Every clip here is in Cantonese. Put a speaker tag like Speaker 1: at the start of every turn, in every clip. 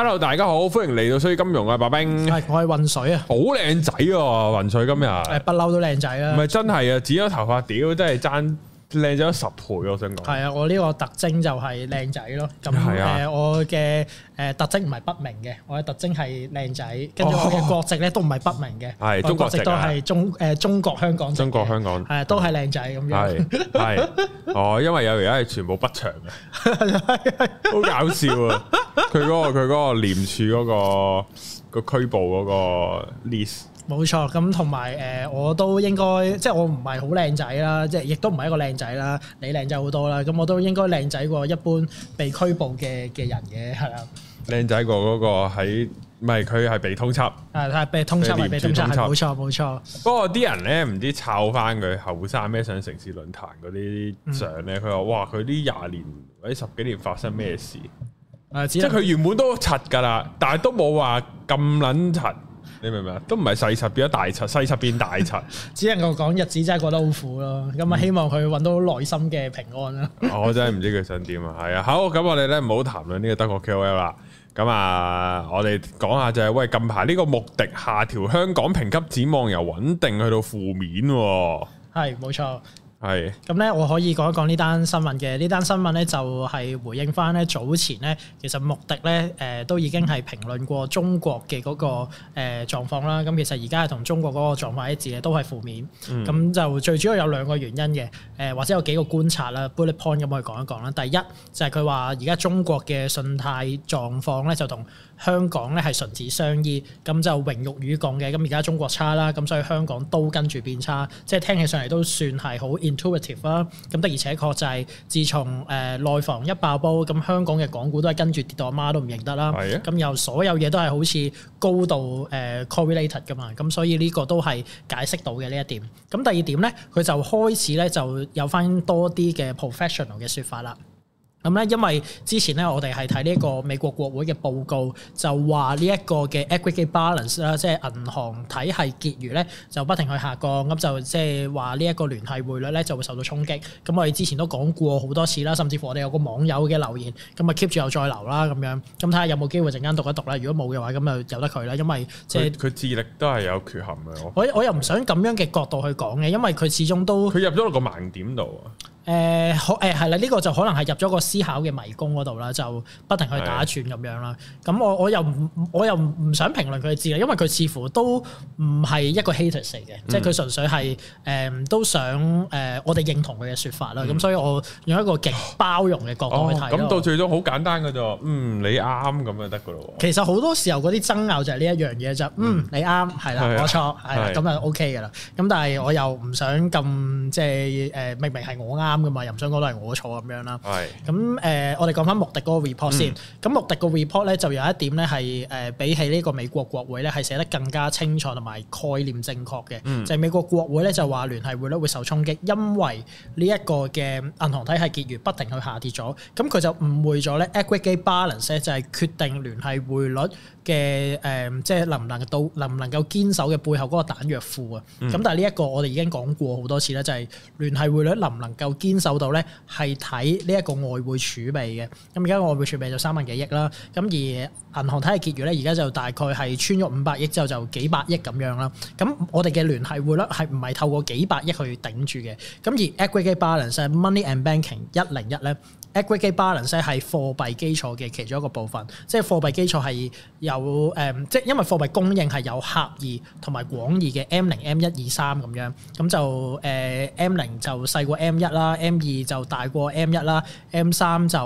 Speaker 1: hello，大家好，歡迎嚟到《水與金融》啊，白兵，係我係渾水啊，好靚仔喎，渾水今日
Speaker 2: 不嬲都靚仔啊。唔係
Speaker 1: 真係啊，剪咗頭髮，屌真係爭。靚咗十倍我想
Speaker 2: 講。係啊，我呢個特徵就係靚仔咯。咁誒、啊呃，我嘅誒、呃、特徵唔係不明嘅，我嘅特徵係靚仔。跟住我嘅國籍咧都唔係不明嘅。係中、喔喔喔、國籍都中。都係中誒中國香港籍。中國香港。係都係靚仔咁樣。係、啊。係、
Speaker 1: 啊。哦， 因為有而家係全部不詳嘅。 好搞笑啊！佢嗰、那個佢、那個、個廉署嗰、那個、那個拘捕嗰，list。
Speaker 2: 冇錯，咁同埋誒，我都應該，即係我唔係好靚仔啦，即係亦都唔係一個靚仔啦，你靚仔好多啦，咁我都應該靚仔過一般被拘捕嘅嘅人嘅係
Speaker 1: 啦。靚仔過嗰個喺，唔係佢係被通緝。誒，
Speaker 2: 係被通緝，係被通緝，冇錯冇錯。
Speaker 1: 不過啲人咧唔知抄翻佢後生咩上城市論壇嗰啲相咧，佢話、嗯、哇，佢呢廿年或者十幾年發生咩事？
Speaker 2: 誒、呃，即係佢
Speaker 1: 原本都柒噶啦，但係都冇話咁撚柒。你明唔明啊？都唔係細賊變咗大賊，細賊變大賊，大
Speaker 2: 只能夠講日子真係過得好苦咯。咁啊、嗯，希望佢搵到內心嘅平安啦。
Speaker 1: 我真係唔知佢想點啊。係 啊，好，咁我哋咧唔好談論呢個德國 KOL 啦。咁啊，我哋講下就係、是，喂，近排呢個穆迪，下調香港評級展望由穩定去到負面、啊。
Speaker 2: 係，冇錯。係，咁咧是我可以講一講呢單新聞嘅。呢單新聞咧就係回應翻咧早前咧，其實穆迪咧誒都已經係評論過中國嘅嗰個誒狀況啦。咁其實而家係同中國嗰個狀況一致都係負面。咁、嗯、就最主要有兩個原因嘅，誒或者有幾個觀察啦、嗯、bullet point 咁可以講一講啦。第一就係佢話而家中國嘅信貸狀況咧就同香港咧係唇齒相依，咁就榮辱與共嘅。咁而家中國差啦，咁所以香港都跟住變差。即係聽起上嚟都算係好 intuitive 啦。咁的而且確就係，自從誒、呃、內房一爆煲，咁香港嘅港股都係跟住跌到阿媽都唔認得啦。係啊的。咁又所有嘢都係好似高度誒、呃、correlated 噶嘛。咁所以呢個都係解釋到嘅呢一點。咁第二點咧，佢就開始咧就有翻多啲嘅 professional 嘅説法啦。咁咧，因為之前咧，我哋係睇呢一個美國國會嘅報告，就話呢一個嘅 Aggregate Balance 啦，即係銀行體系結餘咧，就不停去下降，咁就即係話呢一個聯繫匯率咧，就會受到衝擊。咁我哋之前都講過好多次啦，甚至乎我哋有個網友嘅留言，咁啊 keep 住又再留啦咁樣，咁睇下有冇機會陣間讀一讀啦。如果冇嘅話，咁就由得佢啦，因為即係佢
Speaker 1: 智力都係有缺陷
Speaker 2: 嘅。我我又唔想咁樣嘅角度去講嘅，因為佢始終都佢入咗個盲點度啊。誒，可誒係啦，呢、欸、個就可能係入咗個思考嘅迷宮嗰度啦，就不停去打轉咁樣啦。咁我是的 我又唔我又唔想評論佢嘅字啦，因為佢似乎都唔係一個 hater 嚟嘅，嗯、即係佢純粹係誒、嗯、都想誒、呃、我哋認同佢嘅說法啦。咁、嗯、所以我用一個極包容嘅角度去睇咯。咁、哦、到最
Speaker 1: 終好簡單嘅就：「嗯，你啱咁就得㗎咯。
Speaker 2: 其實好多時候嗰啲爭拗就係呢一樣嘢就：「嗯，你啱係啦，冇的錯係啦，咁就 OK 㗎啦。咁但係我又唔想咁即係誒，明明係我啱。咁嘛，任章哥都係我錯咁樣啦。係咁誒，我哋講翻穆迪嗰個 report 先。咁穆迪個 report 咧就有一點咧係誒，比起呢個美國國會咧係寫得更加清楚同埋概念正確嘅。就係美國國會咧就話聯繫匯率會受衝擊，因為呢一個嘅銀行體系結餘不停去下跌咗。咁佢就誤會咗咧 aggregate balance 咧就係決定聯繫匯率嘅誒，即係能唔能夠到能唔能夠堅守嘅背後嗰個彈藥庫啊。咁但係呢一個我哋已經講過好多次咧，就係聯繫匯率能唔能夠堅牽手到咧係睇呢一個外匯儲備嘅，咁而家外匯儲備就三萬幾億啦，咁而銀行體系結餘咧，而家就大概係穿咗五百億之後就幾百億咁樣啦，咁我哋嘅聯繫匯率係唔係透過幾百億去頂住嘅，咁而 aggregate balance money and banking 一零一咧。Aggregate balance 咧係貨幣基礎嘅其中一個部分，即係貨幣基礎係有誒、嗯，即係因為貨幣供應係有狹義同埋廣義嘅 M 零、M 一二三咁樣，咁就誒 M 零就細過 M 一啦，M 二就大過 M 一啦，M 三就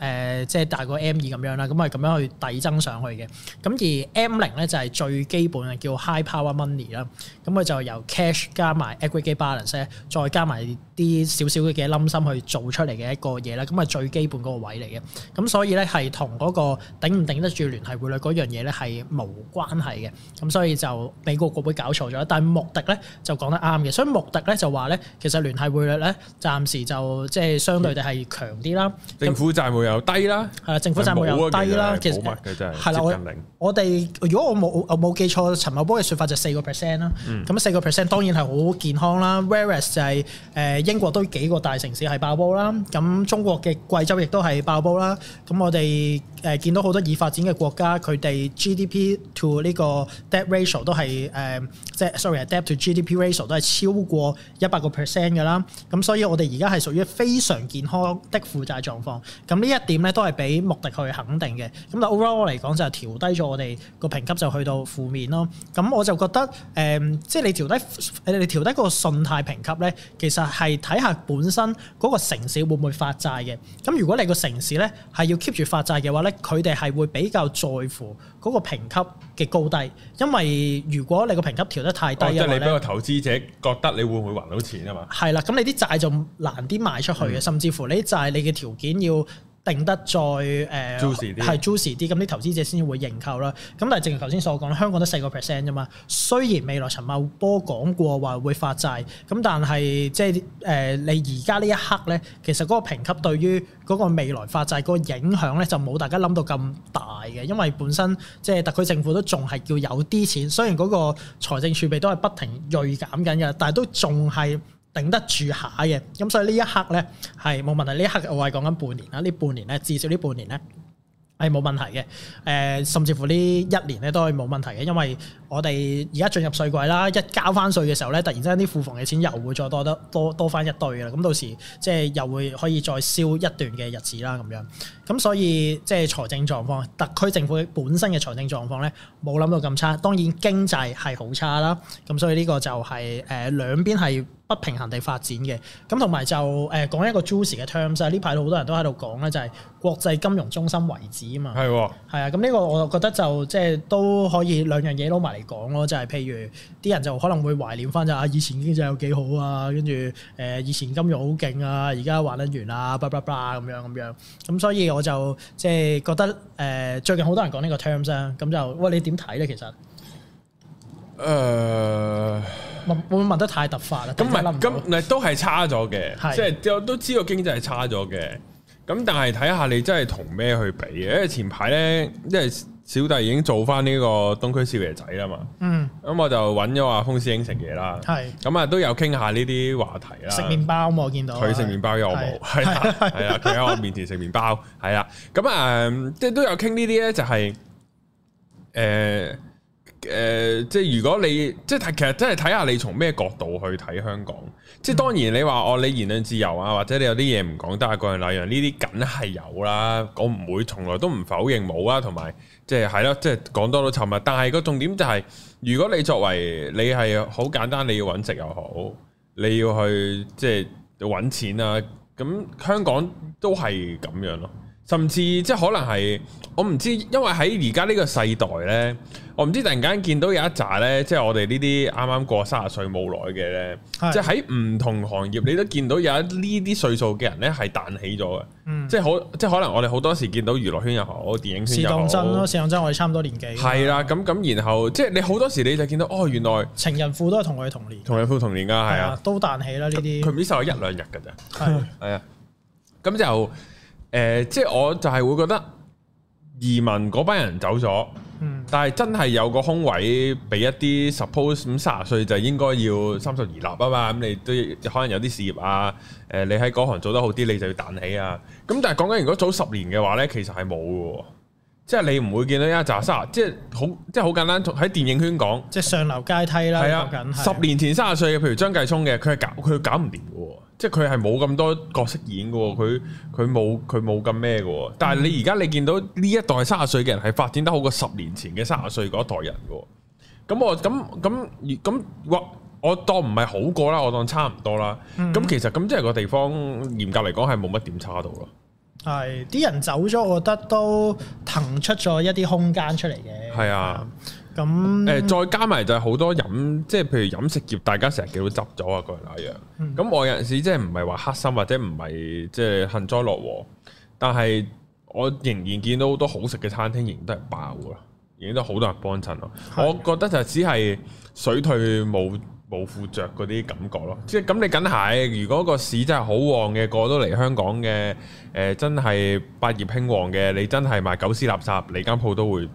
Speaker 2: 誒即係大過 M 二咁樣啦，咁係咁樣去遞增上去嘅。咁而 M 零咧就係最基本嘅叫 high power money 啦，咁佢就由 cash 加埋 aggregate balance 再加埋啲少少嘅嘅冧心去做出嚟嘅一個嘢啦，咁啊～最基本嗰個位嚟嘅，咁所以咧係同嗰個頂唔頂得住聯繫匯率嗰樣嘢咧係冇關係嘅，咁所以就美國國會搞錯咗，但係穆迪咧就講得啱嘅，所以穆迪咧就話咧其實聯繫匯率咧暫時就即係相對地係強啲啦，嗯、就政府
Speaker 1: 債務又低啦，係啦，政府債務又低啦，其實係啦，我
Speaker 2: 我哋如果我冇我冇記錯，陳茂波嘅説法就四個 percent 啦，咁四個 percent 當然係好健康啦，whereas 就係、是、誒、呃、英國都幾個大城市係爆煲啦，咁中國嘅。貴州亦都係爆煲啦，咁我哋誒見到好多已發展嘅國家，佢哋 GDP to 呢個 debt ratio 都係誒，即、uh, 係 sorry debt to GDP ratio 都係超過一百個 percent 噶啦。咁所以我哋而家係屬於非常健康的負債狀況。咁呢一點咧都係俾穆迪去肯定嘅。咁但 overall 嚟講就係調低咗我哋個評級就去到負面咯。咁我就覺得誒、嗯，即係你調低你調低個信貸評級咧，其實係睇下本身嗰個城市會唔會發債嘅。咁如果你個城市咧係要 keep 住發債嘅話咧，佢哋係會比較在乎嗰個評級嘅高低，因為如果你個評級調得太低、哦、即係你俾個投資
Speaker 1: 者覺得你會唔會還到錢啊嘛？
Speaker 2: 係啦，咁你啲債就難啲賣出去嘅，的甚至乎你啲債你嘅條件要定得再誒係 juicy 啲，咁、呃、啲投資者先會認購啦。咁但係正如頭先所講，香港得四個 percent 啫嘛。雖然未來陳茂波講過話會發債，咁但係即係誒你而家呢一刻咧，其實嗰個評級對於嗰個未來發債個影響咧，就冇大家諗到咁大嘅。因為本身即係、就是、特區政府都仲係要有啲錢，雖然嗰個財政儲備都係不停鋭減緊嘅，但係都仲係。頂得住下嘅，咁、嗯、所以呢一刻呢，係冇問題。呢一刻我係講緊半年啦，呢半年呢，至少呢半年呢，係、哎、冇問題嘅。誒、呃，甚至乎呢一年呢，都係冇問題嘅，因為我哋而家進入稅季啦，一交翻稅嘅時候呢，突然之間啲庫房嘅錢又會再多得多多翻一堆啦。咁到時即係又會可以再燒一段嘅日子啦，咁樣。咁所以即係財政狀況，特區政府本身嘅財政狀況咧，冇諗到咁差，當然經濟係好差啦。咁所以呢個就係誒兩邊係不平衡地發展嘅。咁同埋就誒講、呃、一個 juicy 嘅 terms 啊，呢排好多人都喺度講咧，就係、是、國際金融中心為止啊嘛。係喎、哦，係啊。咁呢個我覺得就即係都可以兩樣嘢攞埋嚟講咯，就係、是、譬如啲人就可能會懷念翻就啊以前經濟有幾好啊，跟住誒以前金融好勁啊，而家玩得完啊，巴拉巴拉咁樣咁樣，咁所以。我就即係覺得誒，最近好多人講呢個 terms 啊，咁就喂你點睇咧？其實誒，我會唔會問得太突發啦？咁唔係，
Speaker 1: 咁唔係都係差咗嘅，的即係我都知道經濟係差咗嘅，咁但係睇下你真係同咩去比嘅？因為前排咧，即係。小弟已經做翻呢個東區少爺仔啦嘛，嗯，咁我就揾咗阿風師兄食嘢啦，係，咁啊都有傾下呢啲話題啦，食麪
Speaker 2: 包，我見到，佢食麪
Speaker 1: 包又我冇，係啊，係啊，佢喺我面前食麪包，係啊，咁啊即係都有傾呢啲咧，就係誒。誒、呃，即係如果你即係其實真係睇下你從咩角度去睇香港，即係當然你話哦，你言論自由啊，或者你有啲嘢唔講得，但係各樣那樣，呢啲梗係有啦。我唔會從來都唔否認冇啊，同埋即係係咯，即係講多都沉默。但係個重點就係、是，如果你作為你係好簡單，你要揾食又好，你要去即係揾錢啊，咁香港都係咁樣咯。甚至即係可能係，我唔知，因為喺而家呢個世代咧，我唔知突然間見到有一紮咧，即係我哋呢啲啱啱過卅歲冇耐嘅咧，即係喺唔同行業，你都見到有呢啲歲數嘅人咧係彈起咗嘅，即係可即係可能我哋好多時見到娛樂圈又好，電影先有。講真咯，
Speaker 2: 講真，我哋差唔多年紀。
Speaker 1: 係啦，咁咁然後，即係你好多時你就見到哦，原來情人
Speaker 2: 父都係同我哋同年。
Speaker 1: 情人父同年噶係啊，都彈起啦呢啲。佢唔知受一兩日噶咋，係係啊，咁就。誒、呃，即係我就係會覺得移民嗰班人走咗，嗯、但係真係有個空位俾一啲 suppose 咁三十歲就應該要三十而立啊嘛，咁、嗯、你都可能有啲事業啊，誒、呃，你喺嗰行做得好啲，你就要彈起啊。咁、嗯、但係講緊如果早十年嘅話呢，其實係冇嘅，即係你唔會見到一紮卅，即係好，即係好簡單。喺電影圈講，即係上流階梯啦。係啊，十年前卅歲嘅，譬如張繼聰嘅，佢係搞佢搞唔掂嘅。即係佢係冇咁多角色演㗎，佢佢冇佢冇咁咩㗎，但係你而家你見到呢一代三十歲嘅人係發展得好過十年前嘅三十歲嗰一代人㗎，咁我咁咁咁我我當唔係好過啦，我當，我當差唔多啦，咁、嗯、其實咁即係個地方嚴格嚟講係冇乜點差到咯，
Speaker 2: 係啲人走咗，我覺得都騰出咗一啲空間出嚟嘅，
Speaker 1: 係啊。咁誒、嗯、再加埋就係好多飲即係、就是、譬如飲食業，大家成日見到執咗啊，嗰樣嗰樣。咁、嗯、我有陣時即係唔係話黑心或者唔係即係幸災樂禍，但係我仍然見到好多好食嘅餐廳仍，仍然都係爆嘅，仍然都好多人幫襯咯。的我覺得就只係水退冇冇褲著嗰啲感覺咯。即係咁你梗係，如果個市真係好旺嘅，過到嚟香港嘅誒、呃、真係百業興旺嘅，你真係賣狗屎垃圾你間鋪都會。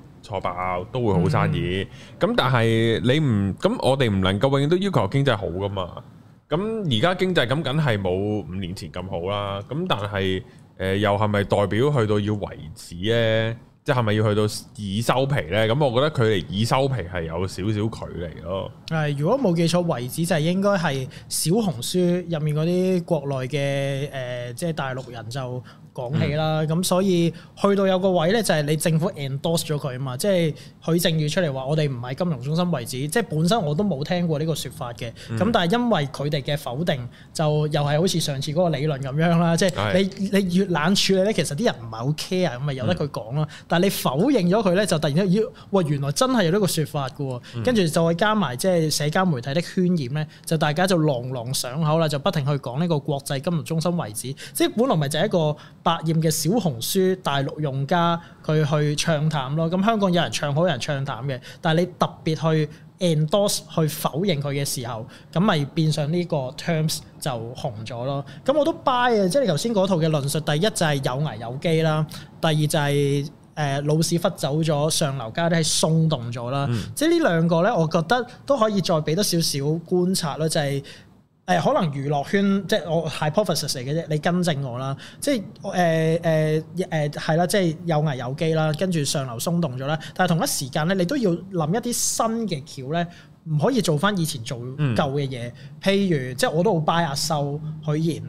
Speaker 1: 都會好生意，咁、嗯、但係你唔咁，我哋唔能夠永遠都要求經濟好㗎嘛。咁而家經濟咁梗係冇五年前咁好啦。咁但係誒、呃，又係咪代表去到要維持呢？即係咪要去到已收皮咧？咁我覺得距離已收皮係有少少距離咯。
Speaker 2: 係，如果冇記錯為止就係、是、應該係小紅書入面嗰啲國內嘅誒、呃，即係大陸人就講起啦。咁、嗯、所以去到有個位咧，就係、是、你政府 endorse 咗佢啊嘛。即係許正宇出嚟話：我哋唔係金融中心為止，即係本身我都冇聽過呢個說法嘅。咁、嗯、但係因為佢哋嘅否定，就又係好似上次嗰個理論咁樣啦。即係你你越冷處理咧，其實啲人唔係好 care，咁咪由得佢講咯、嗯。但係你否認咗佢咧，就突然間要，哇！原來真係有呢個説法嘅，跟住再加埋即係社交媒體的渲染咧，就大家就朗朗上口啦，就不停去講呢個國際金融中心為止。即係本來咪就係一個百厭嘅小紅書大陸用家佢去唱淡咯。咁香港有人唱好有人唱淡嘅。但係你特別去 endorse 去否認佢嘅時候，咁咪變相呢個 terms 就紅咗咯。咁我都 buy 啊，即係你頭先嗰套嘅論述。第一就係有危有機啦，第二就係、是。誒、呃、老屎忽走咗，上流家都係鬆動咗啦，嗯、即係呢兩個咧，我覺得都可以再俾多少少觀察啦，就係、是、誒、呃、可能娛樂圈即係我 high purposes 嚟嘅啫，你跟正我啦，即係誒誒誒係啦，即係有危有機啦，跟住上流鬆動咗啦，但係同一時間咧，你都要諗一啲新嘅橋咧，唔可以做翻以前做舊嘅嘢，嗯、譬如即係我都好 buy 阿修許賢。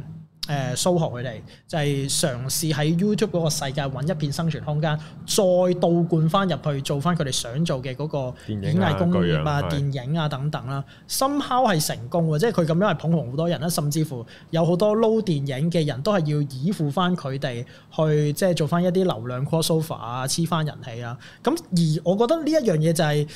Speaker 2: 誒，蘇豪佢哋就係、是、嘗試喺 YouTube 嗰個世界揾一片生存空間，再倒灌翻入去做翻佢哋想做嘅嗰個電影、啊、演藝工業啊、電影啊的等等啦。深烤係成功喎，即係佢咁樣係捧紅好多人啦，甚至乎有好多撈電影嘅人都係要依附翻佢哋去即係做翻一啲流量 crossover 啊、黐翻人氣啊。咁而我覺得呢一樣嘢就係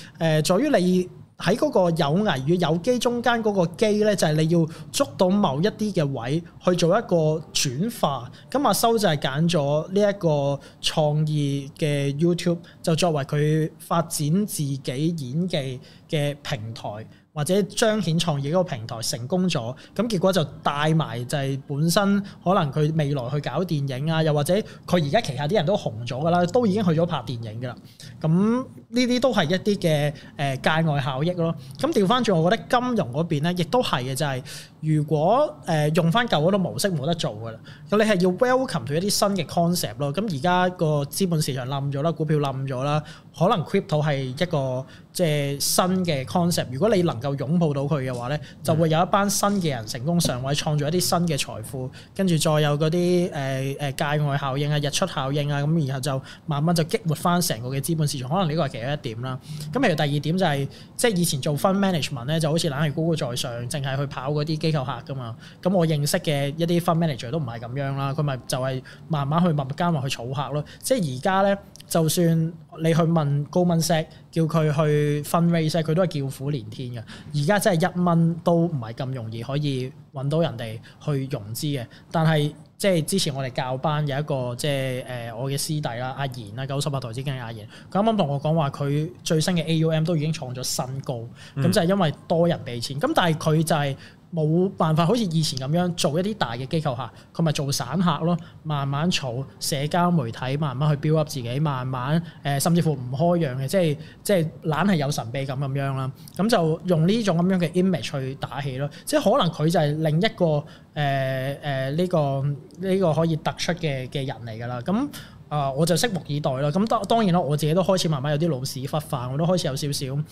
Speaker 2: 誒在於你。喺嗰個有危與有機中間嗰個機咧，就係你要捉到某一啲嘅位去做一個轉化。咁阿修就係揀咗呢一個創意嘅 YouTube，就作為佢發展自己演技嘅平台或者彰顯創業嗰個平台成功咗，咁結果就帶埋就係本身可能佢未來去搞電影啊，又或者佢而家旗下啲人都紅咗噶啦，都已經去咗拍電影噶啦，咁呢啲都係一啲嘅誒界外效益咯。咁掉返轉，我覺得金融嗰邊咧，亦都係嘅就係、是。如果誒、呃、用翻舊嗰種模式冇得做㗎啦，咁你係要 welcome 佢一啲新嘅 concept 咯。咁而家個資本市場冧咗啦，股票冧咗啦，可能 crypto 係一個即係新嘅 concept。如果你能夠擁抱到佢嘅話咧，嗯、就會有一班新嘅人成功上位，創造一啲新嘅財富，跟住再有嗰啲誒誒界外效應啊、日出效應啊，咁然後就慢慢就激活翻成個嘅資本市場。可能呢個係其中一點啦。咁譬如第二點就係、是、即係以前做 fund management 咧，就好似懶係高高在上，淨係去跑嗰啲機。有客噶嘛？咁我認識嘅一啲 fund manager 都唔係咁樣啦，佢咪就係慢慢去默默加埋去儲客咯。即係而家咧，就算你去問高蚊 set，叫佢去 fund raise，佢都係叫苦連天嘅。而家真係一蚊都唔係咁容易可以揾到人哋去融資嘅。但係即係之前我哋教班有一個即係誒我嘅師弟啦，阿賢啊，九十八台資經理阿賢，佢啱啱同我講話佢最新嘅 AUM 都已經創咗新高，咁就係因為多人俾錢。咁但係佢就係。冇辦法好似以前咁樣做一啲大嘅機構客，佢咪做散客咯？慢慢儲社交媒體，慢慢去 build up 自己，慢慢誒、呃，甚至乎唔開樣嘅，即係即係懶係有神秘感咁樣啦。咁就用呢種咁樣嘅 image 去打氣咯。即係可能佢就係另一個誒誒呢個呢、呢個可以突出嘅嘅人嚟㗎啦。咁啊、呃，我就拭目以待咯。咁當當然啦，我自己都開始慢慢有啲老屎忽化，我都開始有少少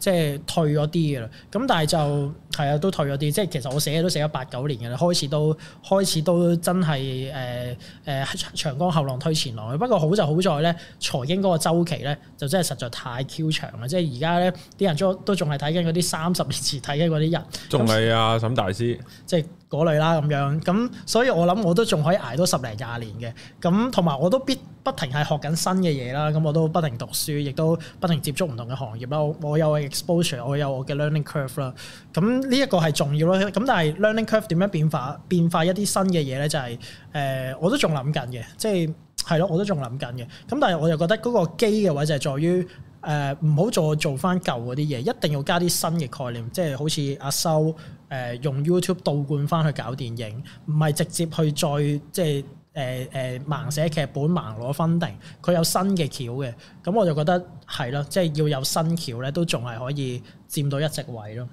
Speaker 2: 即係退咗啲嘅啦。咁但係就。係啊，都退咗啲，即係其實我寫嘢都寫咗八九年嘅啦，開始都開始都真係誒誒長江後浪推前浪。不過好就好在咧，財經嗰個週期咧就真係實在太 Q 長啦，即係而家咧啲人都仲係睇緊嗰啲三十年前睇緊嗰啲人，仲係啊那沈大師，即係嗰類啦咁樣。咁所以我諗我都仲可以捱到十零廿年嘅，咁同埋我都必。不停係學緊新嘅嘢啦，咁我都不停讀書，亦都不停接觸唔同嘅行業啦。我有 exposure，我有我嘅 learning curve 啦。咁呢一個係重要咯。咁但係 learning curve 點樣變化？變化一啲新嘅嘢咧，就係誒我都仲諗緊嘅，即係係咯，我都仲諗緊嘅。咁、就是、但係我又覺得嗰個機嘅位就係在於誒唔好再做翻舊嗰啲嘢，一定要加啲新嘅概念，即係好似阿修誒、呃、用 YouTube 倒灌翻去搞電影，唔係直接去再即係。誒誒、呃，盲寫劇本，盲攞分定，佢有新嘅橋嘅，咁我就覺得係咯，即係要有新橋咧，都仲係可以佔到一席位咯。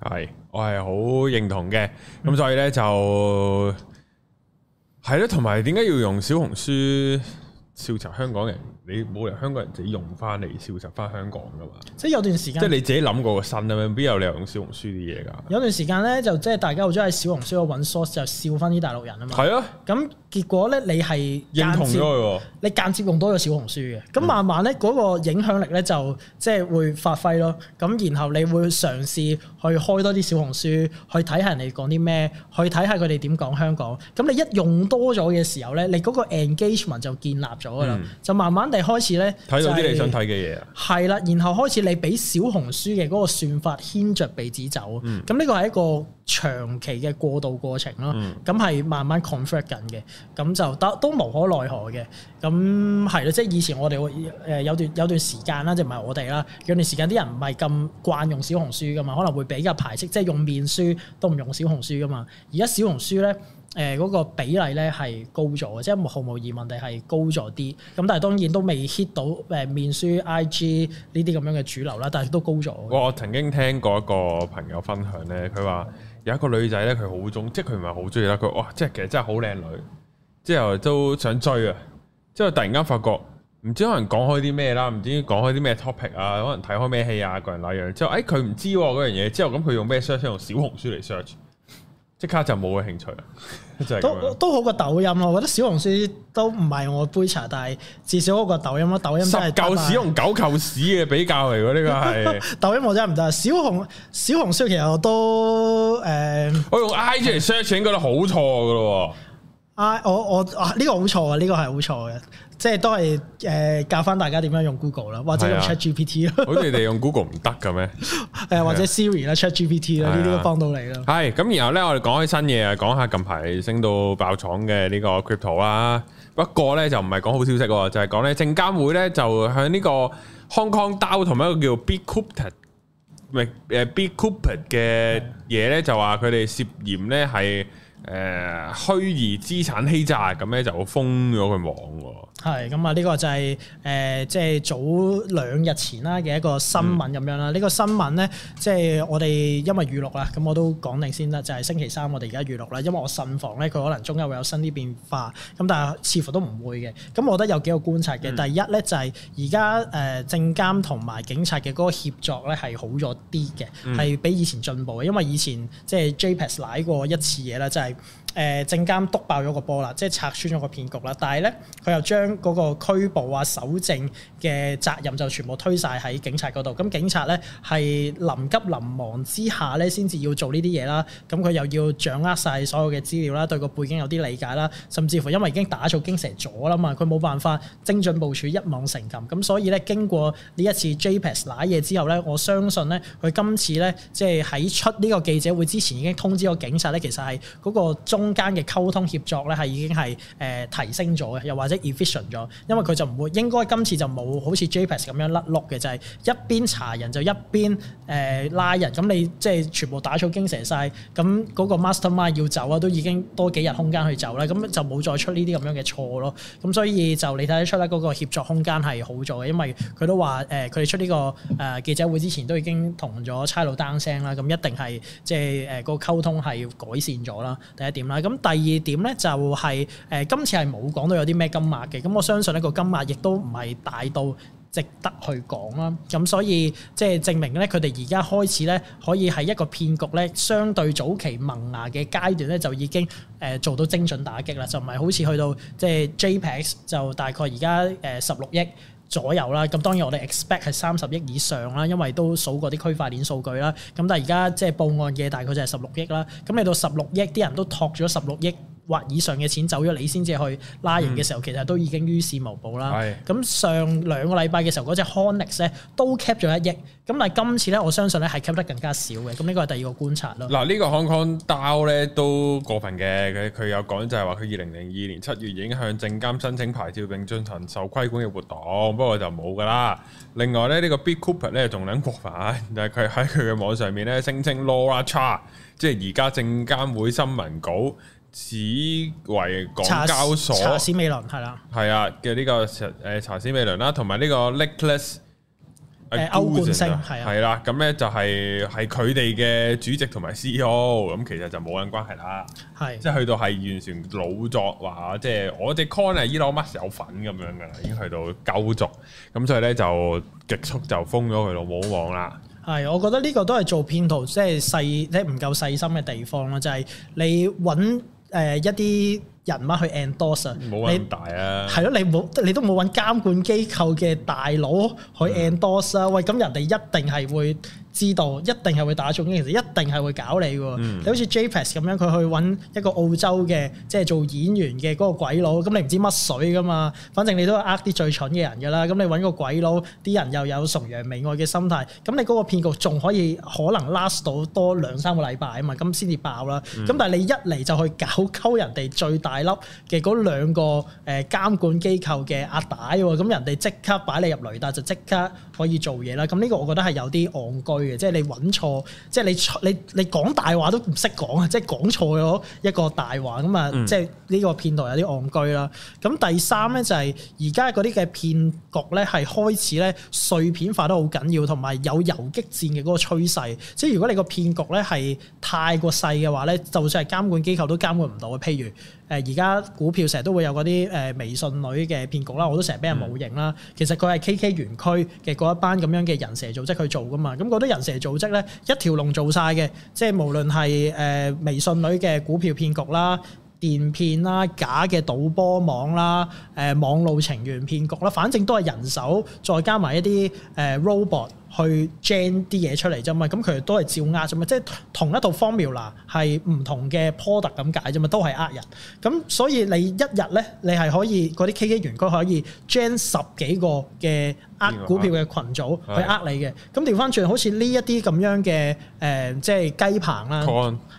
Speaker 1: 係，我係好認同嘅。咁所以咧就係咯，同埋點解要用小紅書笑嘲香港人？你冇理由香港人自己用翻嚟笑集翻香港噶
Speaker 2: 嘛？即係有段時間，即
Speaker 1: 係你自己諗過個新啊？咩邊有理由用小紅書啲嘢㗎？
Speaker 2: 有段時間咧，就即係大家好中意小紅書，去揾 source，就笑翻啲大陸人啊嘛。係啊，咁結果咧，你係認同咗佢，你間接用多咗小紅書嘅。咁慢慢咧，嗰個影響力咧就即係會發揮咯。咁然後你會嘗試去開多啲小紅書去睇下人哋講啲咩，去睇下佢哋點講香港。咁你一用多咗嘅時候咧，你嗰個 engagement 就建立咗㗎啦，嗯、就慢慢開始咧、就、睇、是、到啲你想睇嘅嘢啊，係啦，然後開始你俾小紅書嘅嗰個算法牽着鼻子走，咁呢、嗯、個係一個長期嘅過渡過程咯，咁係、嗯、慢慢 conflict 緊嘅，咁就得都無可奈何嘅，咁係咯，即係以前我哋會誒有段有段時間啦，即唔係我哋啦，有段時間啲人唔係咁慣用小紅書噶嘛，可能會比較排斥，即係用面書都唔用小紅書噶嘛，而家小紅書咧。誒嗰、呃那個比例咧係高咗，即係毫無疑問地係高咗啲。咁但係當然都未 hit 到誒面書、IG 呢啲咁樣嘅主流啦。但係都高咗。
Speaker 1: 我曾經聽過一個朋友分享咧，佢話有一個女仔咧，佢好鍾，即係佢唔係好鍾意啦。佢哇，即係其實真係好靚女，之後都想追啊。之後突然間發覺，唔知可能講開啲咩啦，唔知講開啲咩 topic 啊，可能睇開咩戲啊，個人嗱樣。之後誒佢唔知嗰樣嘢，之後咁佢用咩 search？用小紅書嚟 search。即刻就冇嘅興趣啊！就是、都
Speaker 2: 都好過抖音咯，我覺得小紅書都唔係我杯茶，但係至少好過抖音咯。抖音真係舊屎，同舊
Speaker 1: 屎嘅比較嚟喎，呢個係
Speaker 2: 抖音我真係唔得。小紅小紅書其實我都誒、呃啊，
Speaker 1: 我用 I G 嚟 search 應該覺得好錯嘅咯。
Speaker 2: I 我我呢個好錯嘅，呢個係好錯嘅。即係都係誒、呃、教翻大家點樣用 Google 啦，或者用 ChatGPT 啦。好似你
Speaker 1: 用 Google 唔得嘅咩？
Speaker 2: 誒或者 Siri 啦、ChatGPT 啦，呢啲都幫到你咯。
Speaker 1: 係咁、啊嗯，然後咧我哋講起新嘢啊，講下近排升到爆廠嘅呢個 crypto 啦。不過咧就唔係講好消息喎，就係講咧證監會咧就喺呢個 Hong Kong DAO 同埋一個叫 Be Coopet 咪誒 Be Coopet 嘅嘢咧，就話佢哋涉嫌咧係誒虛擬資產欺詐，咁咧就封咗佢網喎。
Speaker 2: 係，咁啊呢個就係、是、誒，即、呃、係、就是、早兩日前啦嘅一個新聞咁樣啦。呢、嗯、個新聞咧，即、就、係、是、我哋因為預錄啦，咁我都講定先啦。就係、是、星期三我哋而家預錄啦，因為我慎防咧，佢可能中間會有新啲變化，咁但係似乎都唔會嘅。咁我覺得有幾個觀察嘅。嗯、第一咧就係而家誒，證、呃、監同埋警察嘅嗰個協作咧係好咗啲嘅，係、嗯、比以前進步嘅。因為以前即係 JPEX 賴過一次嘢啦，就係、是。誒、呃、證監篤爆咗個波啦，即係拆穿咗個騙局啦。但係咧，佢又將嗰個拘捕啊、搜證嘅責任就全部推晒喺警察嗰度。咁警察咧係臨急臨忙之下咧，先至要做呢啲嘢啦。咁佢又要掌握晒所有嘅資料啦，對個背景有啲理解啦，甚至乎因為已經打草驚蛇咗啦嘛，佢冇辦法精準部署一網成擒。咁所以咧，經過呢一次 JPEX 攋嘢之後咧，我相信咧，佢今次咧即係喺出呢個記者會之前已經通知個警察咧，其實係嗰、那個中間嘅溝通協作咧係已經係誒、呃、提升咗嘅，又或者 efficient 咗，因為佢就唔會應該今次就冇好似 JPEX 咁樣甩碌嘅，就係、是、一邊查人就一邊誒拉、呃、人，咁你即係全部打草驚蛇晒，咁嗰個 mastermind 要走啊，都已經多幾日空間去走啦，咁就冇再出呢啲咁樣嘅錯咯，咁所以就你睇得出咧嗰、那個協作空間係好咗嘅，因為佢都話誒佢哋出呢、這個誒、呃、記者會之前都已經同咗差佬單聲啦，咁一定係即係誒個溝通係改善咗啦，第一點。咁第二點咧就係、是、誒、呃、今次係冇講到有啲咩金額嘅，咁我相信呢個金額亦都唔係大到值得去講啦。咁所以即係證明咧，佢哋而家開始咧可以喺一個騙局咧，相對早期萌芽嘅階段咧，就已經誒、呃、做到精準打擊啦，就唔係好似去到即係 JPEX 就大概而家誒十六億。左右啦，咁當然我哋 expect 係三十億以上啦，因為都數過啲區塊鏈數據啦。咁但係而家即係報案嘅大概就係十六億啦。咁嚟到十六億，啲人都托咗十六億，或以上嘅錢走咗，你先至去拉人嘅時候，嗯、其實都已經於事無補啦。咁是上兩個禮拜嘅時候，嗰隻 Connect 咧都 kept 咗一億，咁但係今次咧，我相信咧係 kept 得更加少嘅。咁呢個係第二個觀察咯。嗱，這
Speaker 1: 個、呢個 Hong Kong Dow 咧都過分嘅，佢佢有講就係話佢二零零二年七月已經向證監申請牌照並進行受規管嘅活動，不過就冇噶啦。另外咧，這個、呢個 Big Cooper 咧仲兩過份，就係佢喺佢嘅網上面咧聲稱 Laura Cha，a 即係而家證監會新聞稿。此為港交所查史美倫係啦，係啊嘅呢個石查史、呃、美倫啦，同埋呢個 Nicholas，、
Speaker 2: 呃、ush 歐冠昇係啊，
Speaker 1: 啦，咁咧就係係佢哋嘅主席同埋 CEO，咁其實就冇人關係啦，係即係去到係完全老作話，即係我隻 Coin 係 Elon Musk 有份咁樣噶啦，已經去到交作，咁所以咧就極速就封咗佢老冇網啦。
Speaker 2: 係，我覺得呢個都係做騙徒，即、就、係、是、細咧唔夠細心嘅地方咯，就係、是、你揾。誒、呃、一啲人物去 endorse，你、啊、大啊，係咯、啊，你冇你都冇揾監管機構嘅大佬去 endorse 啊。嗯、喂，咁人哋一定係會。知道一定係會打中嘅，其實一定係會搞你嘅喎。你好似 JPEX 咁樣，佢去揾一個澳洲嘅即係做演員嘅嗰個鬼佬，咁你唔知乜水噶嘛？反正你都呃啲最蠢嘅人㗎啦。咁你揾個鬼佬，啲人又有崇洋媚外嘅心態，咁你嗰個騙局仲可以可能 last 到多兩三個禮拜啊嘛？咁先至爆啦。咁但係你一嚟就去搞溝人哋最大粒嘅嗰兩個誒監管機構嘅壓帶喎，咁人哋即刻擺你入雷達就即刻可以做嘢啦。咁呢個我覺得係有啲戇居。即係你揾錯，即係你你你講大話都唔識講啊！即係講錯咗一個大話咁啊！嗯、即係呢個騙徒有啲戇居啦。咁第三咧就係而家嗰啲嘅騙局咧係開始咧碎片化得好緊要，同埋有，有游擊戰嘅嗰個趨勢。即係如果你個騙局咧係太過細嘅話咧，就算係監管機構都監管唔到嘅。譬如誒而家股票成日都會有嗰啲誒微信女嘅騙局啦，我都成日俾人冒認啦。其實佢係 KK 園區嘅嗰一班咁樣嘅人蛇組織去做㗎嘛。咁嗰啲人蛇組織咧，一條龍做晒嘅，即係無論係誒微信女嘅股票騙局啦、電騙啦、假嘅賭波網啦、誒網路情緣騙局啦，反正都係人手再加埋一啲誒 robot。去 gen 啲嘢出嚟啫嘛，咁佢都係照呃啫嘛，即係同一套 formula 係唔同嘅 product 咁解啫嘛，都係呃人。咁所以你一日咧，你係可以嗰啲 K K 員工可以 gen 十幾個嘅呃股票嘅群組去你這這呃你嘅。咁調翻轉，好似呢一啲咁樣嘅誒，即係雞棚啦，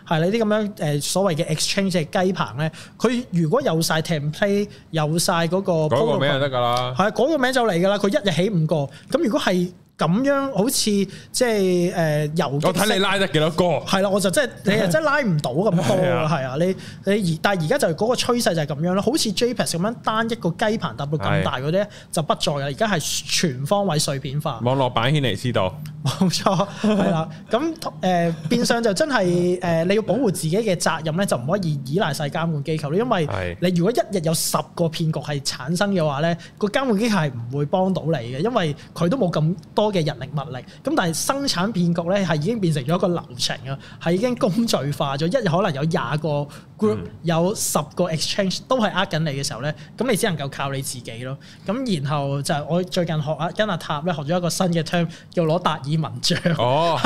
Speaker 2: 係你啲咁樣誒所謂嘅 exchange 雞棚咧，佢如果有晒 template，有晒嗰個，改個名就得噶啦，係啊，改個名就嚟噶啦，佢、那個、一日起五個。咁如果係咁樣好似即係誒遊，我睇你拉得幾多歌？係啦，我就真係你啊，真係拉唔到咁多啊，係啊，你你而但係而家就嗰個趨勢就係咁樣啦，好似 JPEX 咁樣單一個雞棚搭到咁大嗰啲咧就不在噶，而家係全方位碎片化。
Speaker 1: 網絡版牽嚟知道，冇
Speaker 2: 錯，係啦。咁誒變相就真係誒你要保護自己嘅責任咧，就唔可以依賴曬監管機構咧，因為你如果一日有十個騙局係產生嘅話咧，個監管機構係唔會幫到你嘅，因為佢都冇咁多，嘅人力物力，咁但係生產騙局咧，係已經變成咗一個流程啊，係已經工序化咗，一日可能有廿個。group 有十個 exchange 都係呃緊你嘅時候咧，咁你只能夠靠你自己咯。咁然後就係我最近學啊，跟阿塔咧學咗一個新嘅 term，叫攞達爾文獎。
Speaker 1: 哦，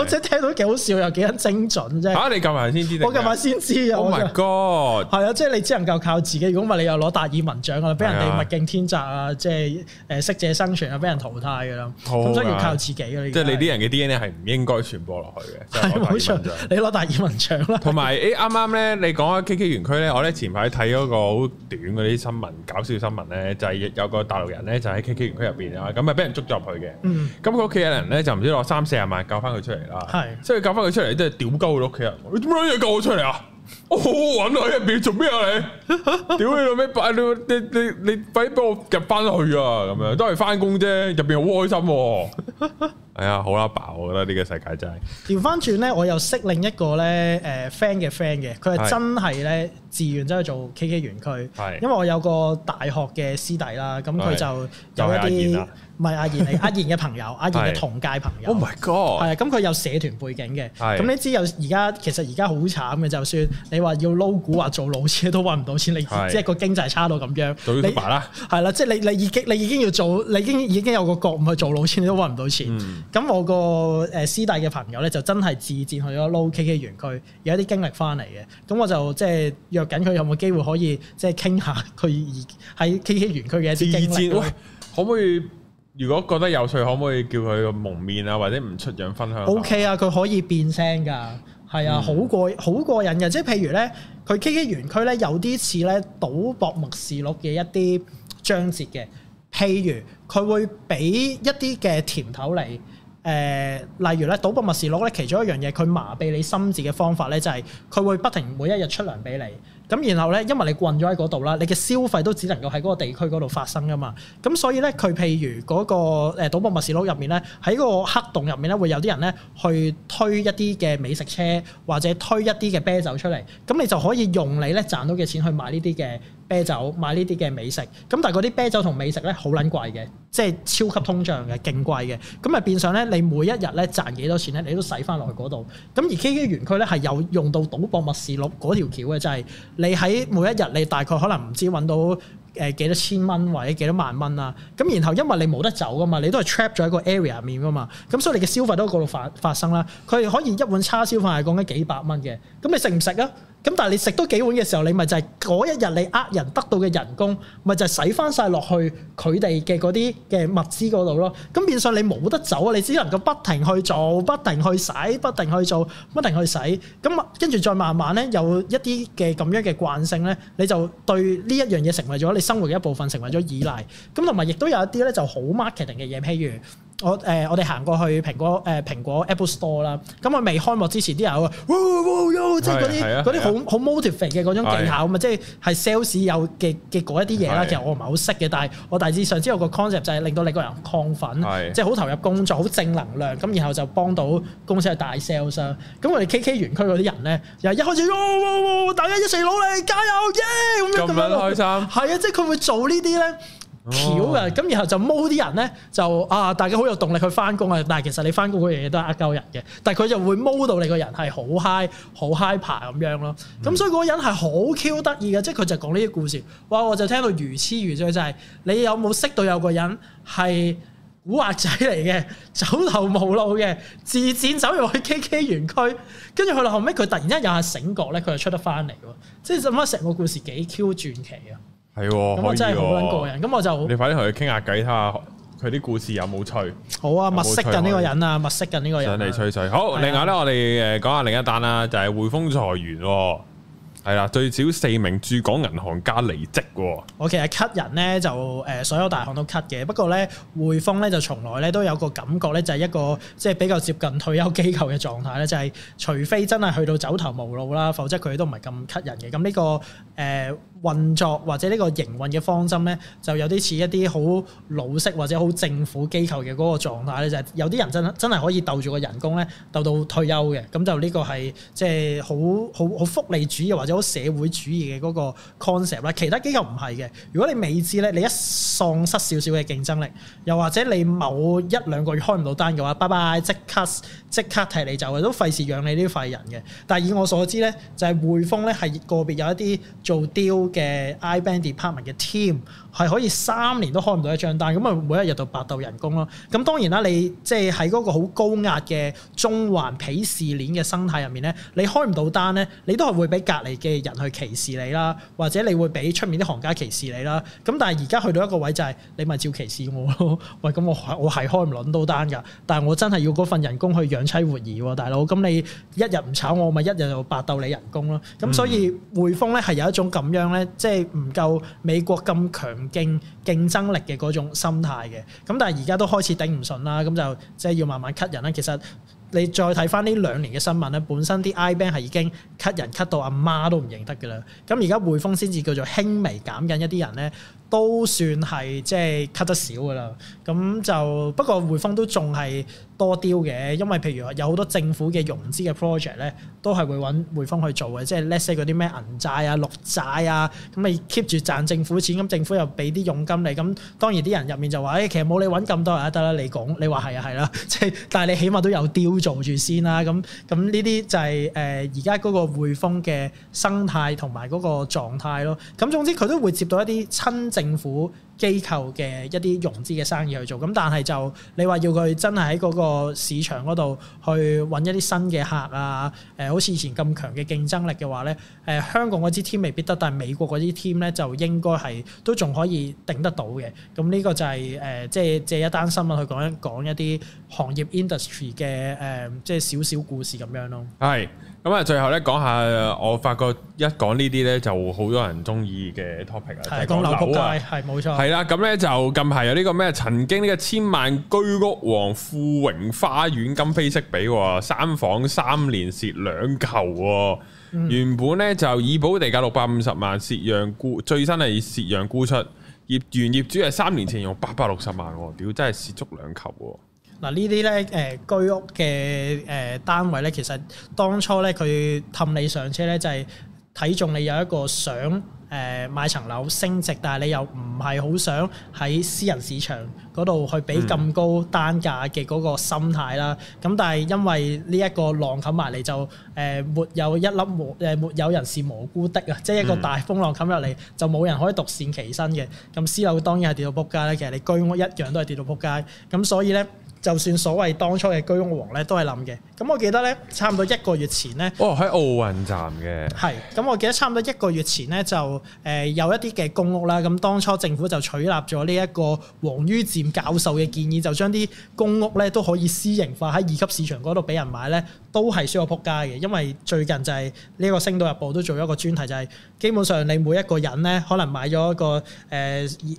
Speaker 1: 我真係
Speaker 2: 聽到幾好笑，又幾精準啫。嚇！你撳埋
Speaker 1: 先知，我撳埋先知啊。Oh my
Speaker 2: god！係啊，即係你只能夠靠自己。如果唔係你又攞達爾文獎啦，俾人哋物競天擇啊，即係誒適者生存啊，俾人淘汰㗎啦。哦，咁所以要靠自己㗎。即係你
Speaker 1: 啲人嘅 DNA 係唔應該傳播落去
Speaker 2: 嘅。冇錯，你攞達爾文獎啦。同
Speaker 1: 埋誒啱啱咧，你。講開 K K 園區咧，我咧前排睇嗰個好短嗰啲新聞，搞笑新聞咧，就係、是、有個大陸人咧，就喺 K K 園區入邊啊，咁啊俾人捉咗入去嘅，咁佢屋企人咧就唔知落三四十萬救翻佢出嚟啦，係是，即係救翻佢出嚟，即係屌鳩佢屋企人，你點解要救我出嚟啊？我好好揾喺入邊做咩啊你？屌你老味，你你你,你快啲幫我夾翻去啊！咁樣都係翻工啫，入
Speaker 2: 邊好開心。係
Speaker 1: 啊，哎呀，好啦，爸,爸，我覺得呢個世界真
Speaker 2: 係。調翻轉咧，我又識另一個咧，誒，friend 嘅 friend 嘅，佢係真係咧自願真係做 KK 園區。係，因為我有個大學嘅師弟啦，咁佢就有一啲。唔係阿賢，係阿賢嘅朋友，阿賢嘅同屆朋友。Oh my god！係，咁佢有社團背景嘅。咁的你知有而家其實而家好慘嘅，就算你話要撈股或做老師都揾唔到錢，的你即係個經濟差到咁樣。做 u b 啦，係啦，即係你你已經你已經要做，你已經你已經有個覺悟去做老師你都揾唔到錢。咁、嗯、我個誒師弟嘅朋友咧就真係自戰去咗撈 K K 園區，有一啲經歷翻嚟嘅。咁我就即係約緊佢有冇機會可以即係傾下佢喺 K K 園區嘅一啲經驗。
Speaker 1: 戰喂可唔可以？如果覺得有趣，可唔可以叫佢蒙面啊，或者唔出樣分享？O、okay、
Speaker 2: K 啊，佢可以變聲噶，係啊，好、嗯、過好過癮嘅。即係譬如咧，佢 K K 園區咧有啲似咧賭博默示錄嘅一啲章節嘅。譬如佢會俾一啲嘅甜頭嚟，誒、呃，例如咧賭博默示錄咧其中一樣嘢，佢麻痹你心智嘅方法咧就係、是、佢會不停每一日出糧俾你。咁然後咧，因為你混咗喺嗰度啦，你嘅消費都只能夠喺嗰個地區嗰度發生噶嘛。咁所以咧，佢譬如嗰、那個誒、呃、賭博密室佬入面咧，喺嗰個黑洞入面咧，會有啲人咧去推一啲嘅美食車，或者推一啲嘅啤酒出嚟。咁你就可以用你咧賺到嘅錢去買呢啲嘅。啤酒買呢啲嘅美食，咁但係嗰啲啤酒同美食咧好撚貴嘅，即係超級通脹嘅，勁貴嘅，咁咪變相咧你每一日咧賺幾多錢咧，你都使翻落去嗰度。咁而 KK 園區咧係有用到賭博默示錄嗰條橋嘅，就係、是、你喺每一日你大概可能唔知揾到誒幾多千蚊或者幾多萬蚊啊。咁然後因為你冇得走啊嘛，你都係 trap 咗喺個 area 入面啊嘛。咁所以你嘅消費都喺嗰度發發生啦。佢可以一碗叉燒飯係講緊幾百蚊嘅，咁你食唔食啊？咁但係你食多幾碗嘅時候，你咪就係嗰一日你呃人得到嘅人工，咪就係使翻曬落去佢哋嘅嗰啲嘅物資嗰度咯。咁變相你冇得走啊，你只能夠不停去做，不停去使，不停去做，不停去使。咁跟住再慢慢咧，有一啲嘅咁樣嘅慣性咧，你就對呢一樣嘢成為咗你生活嘅一部分，成為咗依賴。咁同埋亦都有一啲咧就好 marketing 嘅嘢，譬如。我誒、呃、我哋行過去蘋果誒、呃、蘋果 Apple Store 啦，咁我未開幕之前啲人話，即係嗰啲啲好好 motivate 嘅嗰種技巧啊嘛，即係係 sales 有嘅嘅嗰一啲嘢啦。啊、其實我唔係好識嘅，但係我大致上知道個 concept 就係令到你個人亢奮，啊、即係好投入工作，好正能量，咁然後就幫到公司去大 sales 啊。咁我哋 KK 園區嗰啲人咧，又一開始，大家一齊努力加油耶，咁樣咁樣開心。係啊樣，即係佢會做呢啲咧。巧嘅，咁、oh. 然後就踎啲人咧，就啊，大家好有動力去翻工啊！但係其實你翻工嗰樣嘢都係呃鳩人嘅，但係佢就會踎到你個人係好嗨、好嗨爬 p 咁樣咯。咁所以嗰個人係好 q 得意嘅，即係佢就講呢啲故事。哇！我就聽到如痴如醉，就係、是、你有冇識到有個人係古惑仔嚟嘅，走投無路嘅，自戰走入去 K K 園區，跟住去到後尾，佢突然間有下醒覺咧，佢就出得翻嚟喎。即係諗翻成個故事幾 q 傳奇啊！
Speaker 1: 係，咁我真係好搵個人，咁、嗯嗯、我就你快啲同佢傾下偈，睇下佢啲故事有冇趣。
Speaker 2: 好啊，物色緊呢個人啊，物色緊呢個人、啊。想、啊、吹
Speaker 1: 吹。好，嗯、另外咧，嗯、我哋誒講下另一單啦，就係匯豐裁員、哦，係啦，最少四名駐港銀行家離職、哦。
Speaker 2: 我其實 cut 人咧，就誒、呃、所有大行都 cut 嘅，不過咧匯豐咧就從來咧都有個感覺咧，就係一個即係比較接近退休機構嘅狀態咧，就係、是、除非真係去到走投無路啦，否則佢都唔係咁 cut 人嘅。咁呢、這個誒。呃運作或者呢個營運嘅方針呢，就有啲似一啲好老式或者好政府機構嘅嗰個狀態咧，就係有啲人真真係可以鬥住個人工呢，鬥到退休嘅，咁就呢個係即係好好好福利主義或者好社會主義嘅嗰個 concept 啦。其他機構唔係嘅，如果你未知呢，你一喪失少少嘅競爭力，又或者你某一兩個月開唔到單嘅話，拜拜，即刻即刻提你走，都費事養你啲廢人嘅。但係以我所知呢，就係匯豐呢係個別有一啲做 deal 嘅 Ibank department 嘅 team 係可以三年都開唔到一張單，咁啊每一日就白斗人工咯。咁當然啦，你即係喺嗰個好高壓嘅中環鄙視鏈嘅生態入面咧，你開唔到單咧，你都係會俾隔籬嘅人去歧視你啦，或者你會俾出面啲行家歧視你啦。咁但係而家去到一個位就係、是、你咪照歧視我咯。喂，咁我我係開唔到單噶，但係我真係要嗰份人工去養妻活兒大佬。咁你一日唔炒我，咪一日就白斗你人工咯。咁、嗯、所以匯豐咧係有一種咁樣咧。即係唔夠美國咁強勁競爭力嘅嗰種心態嘅，咁但係而家都開始頂唔順啦，咁就即係要慢慢 cut 人啦。其實你再睇翻呢兩年嘅新聞咧，本身啲 I b a 班係已經 cut 人 cut 到阿媽都唔認得嘅啦。咁而家匯豐先至叫做輕微減緊一啲人咧。都算係即係 cut 得少㗎啦，咁就不過匯豐都仲係多丟嘅，因為譬如話有好多政府嘅融資嘅 project 咧，都係會揾匯豐去做嘅，即係 let's say 嗰啲咩銀債啊、綠債啊，咁咪 keep 住賺政府錢，咁政府又俾啲佣金你，咁當然啲人入面就話，誒、欸、其實冇你揾咁多人啊得啦，你講你話係啊係啦、啊，即 係但係你起碼都有丟做住先啦、啊，咁咁呢啲就係誒而家嗰個匯豐嘅生態同埋嗰個狀態咯。咁總之佢都會接到一啲親政。政府機構嘅一啲融資嘅生意去做，咁但係就你話要佢真係喺嗰個市場嗰度去揾一啲新嘅客啊，誒好似以前咁強嘅競爭力嘅話呢，誒、呃、香港嗰支 team 未必得，但係美國嗰支 team 呢，就應該係都仲可以頂得到嘅。咁呢個就係、是、誒，即、呃、係借一單新聞去講一講一啲行業 industry 嘅誒，即係少少故事咁樣咯。
Speaker 1: 係。咁啊，最後咧講下，我發覺一講呢啲咧，就好多人中意嘅 topic 啊，就講樓啊，係冇錯，係啦。咁咧就近排有呢個咩？曾經呢個千萬居屋王富榮花園今非昔比，話三房三年蝕兩球。嗯、原本咧就以保地價六百五十萬，蝕讓沽，最新係蝕讓沽出，業原業主係三年前用八百六十萬，屌真係蝕足兩球。
Speaker 2: 嗱呢啲咧，誒、呃、居屋嘅誒、呃、單位咧，其實當初咧佢氹你上車咧，就係、是、睇中你有一個想誒、呃、買層樓升值，但係你又唔係好想喺私人市場嗰度去俾咁高單價嘅嗰個心態啦。咁、嗯、但係因為呢一個浪冚埋嚟，就、呃、誒沒有一粒冇誒沒有人是無辜的啊！即係一個大風浪冚入嚟，嗯、就冇人可以獨善其身嘅。咁私樓當然係跌到仆街咧，其實你居屋一樣都係跌到仆街。咁所以咧。就算所謂當初嘅居屋王咧，都係諗嘅。咁我記得咧，差唔多一個月前咧，哦，喺奧運站嘅，係。咁我記得差唔多一個月前咧，就誒有一啲嘅公屋啦。咁當初政府就取納咗呢一個王于漸教授嘅建議，就將啲公屋咧都可以私營化喺二級市場嗰度俾人買咧，都係需要撲街嘅。因為最近就係呢個《星島日報》都做咗一個專題，就是，就係基本上你每一個人咧，可能買咗一個誒誒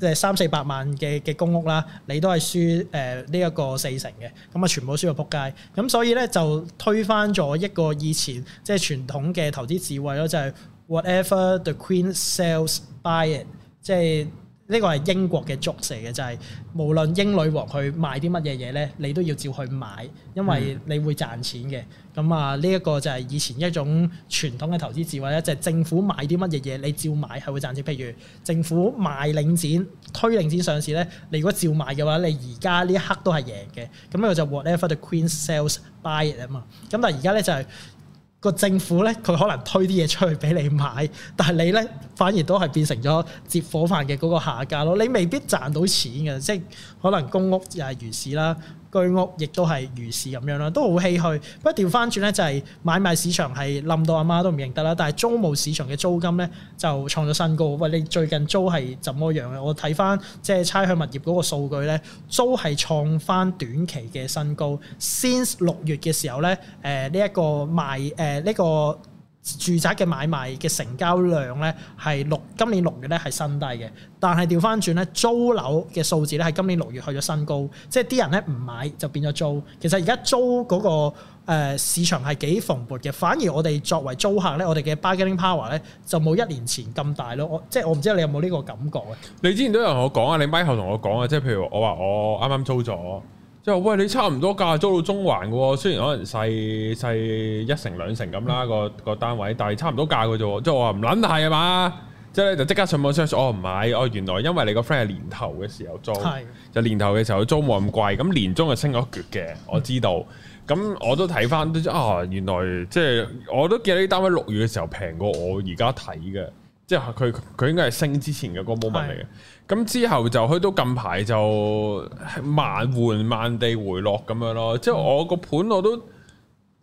Speaker 2: 誒三四百萬嘅嘅公屋啦，你都係輸誒呢一個四成嘅，咁啊全部都輸個撲街。咁所以咧就推翻咗一個以前即係傳統嘅投資智慧咯，就係、是、whatever the queen sells buy it，即係。呢個係英國嘅捉蛇嘅，就係、是、無論英女王去賣啲乜嘢嘢咧，你都要照去買，因為你會賺錢嘅。咁啊、嗯，呢一個就係以前一種傳統嘅投資智慧咧，就係政府買啲乜嘢嘢，你照買係會賺錢。譬如政府賣領展推領展上市咧，你如果照買嘅話，你而家呢一刻都係贏嘅。咁呢個就 whatever the queen sells buy it 啊嘛、就是。咁但係而家咧就係。個政府咧，佢可能推啲嘢出去俾你買，但係你咧反而都係變成咗接火飯嘅嗰個下家咯。你未必賺到錢嘅，即係可能公屋又係如是啦。居屋亦都係如是咁樣啦，都好唏噓。不過調翻轉咧，就係買賣市場係冧到阿媽都唔認得啦。但係租務市場嘅租金咧就創咗新高。喂，你最近租係怎麼樣啊？我睇翻即係差餉物業嗰個數據咧，租係創翻短期嘅新高。since 六月嘅時候咧，誒呢一個賣誒呢、呃呢個。住宅嘅買賣嘅成交量咧係六今年六月咧係新低嘅，但係掉返轉咧租樓嘅數字咧係今年六月去咗新高，即係啲人咧唔買就變咗租。其實而家租嗰個誒市場係幾蓬勃嘅，反而我哋作為租客咧，我哋嘅 bargaining power 咧就冇一年前咁大咯。我即係我唔知你有冇呢個感覺啊？
Speaker 1: 你之前都有同我講啊，你麥後同我講啊，即係譬如我話我啱啱租咗。喂，你差唔多價，租到中環嘅、哦，雖然可能細細一成兩成咁啦，個個單位，但係差唔多價嘅啫。即係、嗯、我話唔捻係嘛，即係咧就即、是、刻上網 search，我唔買。我、哦哦、原來因為你個 friend 係年頭嘅時候租，是就年頭嘅時候租冇咁貴，咁年中係升咗一橛嘅。嗯、我知道，咁我都睇翻，都啊，原來即係、就是、我都記得啲單位六月嘅時候平過我而家睇嘅。即係佢佢應該係升之前嘅嗰 moment 嚟嘅，咁是之後就去到近排就慢緩慢地回落咁樣咯。即係、嗯、我個盤我都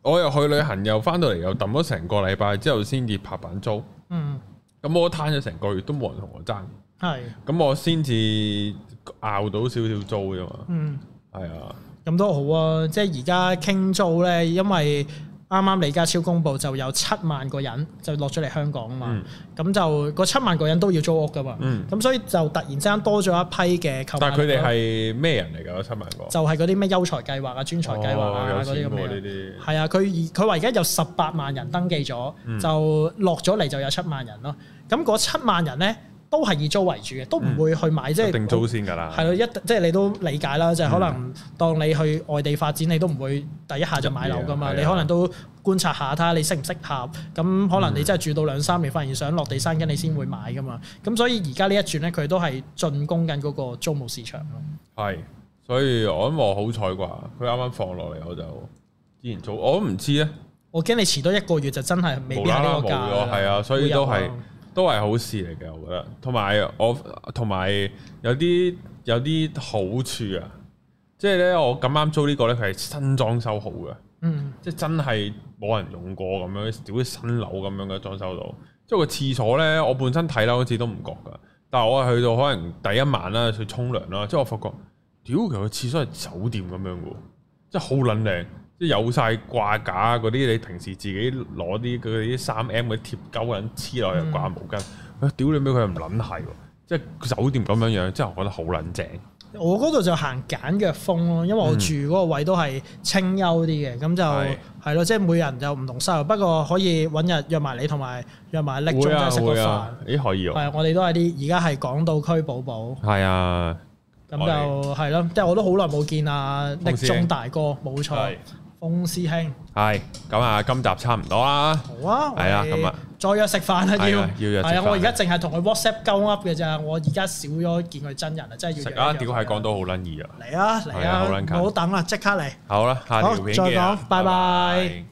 Speaker 1: 我又去旅行，又翻到嚟又揼咗成個禮拜，之後先至拍板租。嗯，咁我攤咗成個月都冇人同我爭，係咁是我先至拗到少少租啫
Speaker 2: 嘛。嗯，係啊，咁都好啊。即係而家傾租咧，因為，啱啱李家超公布就有七萬個人就落咗嚟香港啊嘛，咁、嗯、就嗰七萬個人都要租屋噶嘛，咁、嗯、所以就突然之間多咗一批嘅購，但係佢哋係
Speaker 1: 咩人嚟㗎？七萬個
Speaker 2: 就係嗰啲咩優才計劃啊、專才計劃啊嗰啲咁嘅，係、哦、些啊，佢佢話而家有十八萬人登記咗，嗯、就落咗嚟就有七萬人咯，咁嗰七萬人咧。都係以租為主嘅，都唔會去買，即係、嗯就是、定租先㗎啦。係咯，一即係、就是、你都理解啦，嗯、就係可能當你去外地發展，你都唔會第一下就買樓㗎嘛。嗯、你可能都觀察下，睇下你適唔適合。咁可能你真係住到兩三年，發現、嗯、想落地生根，你先會買㗎嘛。咁所以而家呢一轉咧，佢都係進攻緊嗰個租務市場咯。
Speaker 1: 係，所以我諗我好彩啩，佢
Speaker 2: 啱啱放落嚟，我就
Speaker 1: 之前早我都唔知咧。
Speaker 2: 我驚你遲多一個月就真係未必有呢個價，係啊，所以都係。
Speaker 1: 都係好事嚟嘅，我覺得。同埋我，同埋有啲有啲好處啊！即係咧，我咁啱租呢個咧，佢係新裝修好嘅，嗯，即係真係冇人用過咁樣，屌啲新樓咁樣嘅裝修到。即係個廁所咧，我本身睇樓好似都唔覺㗎，但係我去到可能第一晚啦去沖涼啦，即係我發覺，屌其實個廁所係酒店咁樣㗎喎，即係好撚靚。即係有晒掛架嗰啲，你平時自己攞啲嗰啲三 M 嗰啲貼膠嗰陣黐落去掛毛巾，屌你咩佢又唔撚係喎！即係酒店咁樣樣，即係我覺得好撚正。
Speaker 2: 我嗰度就行簡約風咯，因為我住嗰個位都係清幽啲嘅。咁就係咯，即係每人就唔同收入，不過可以揾日約埋你同埋約埋力中食個飯。
Speaker 1: 咦？可以喎。係啊，
Speaker 2: 我哋都係啲而家係港島區寶寶。
Speaker 1: 係啊，
Speaker 2: 咁就係咯，即係我都好耐冇見啊力中大哥，冇錯。風師兄，
Speaker 1: 係咁啊，今集差唔多啦，好
Speaker 2: 啊，係啊，咁啊，再約食飯啦，要要約，係啊，我而家淨係同佢 WhatsApp 鳩噏嘅咋，我而家少咗見佢真人啊，真係要約。啊，屌係
Speaker 1: 講到好撚易啊，
Speaker 2: 嚟啊，嚟啊，唔好等啦，即刻嚟，
Speaker 1: 好啦，下條片再講，拜
Speaker 2: 拜。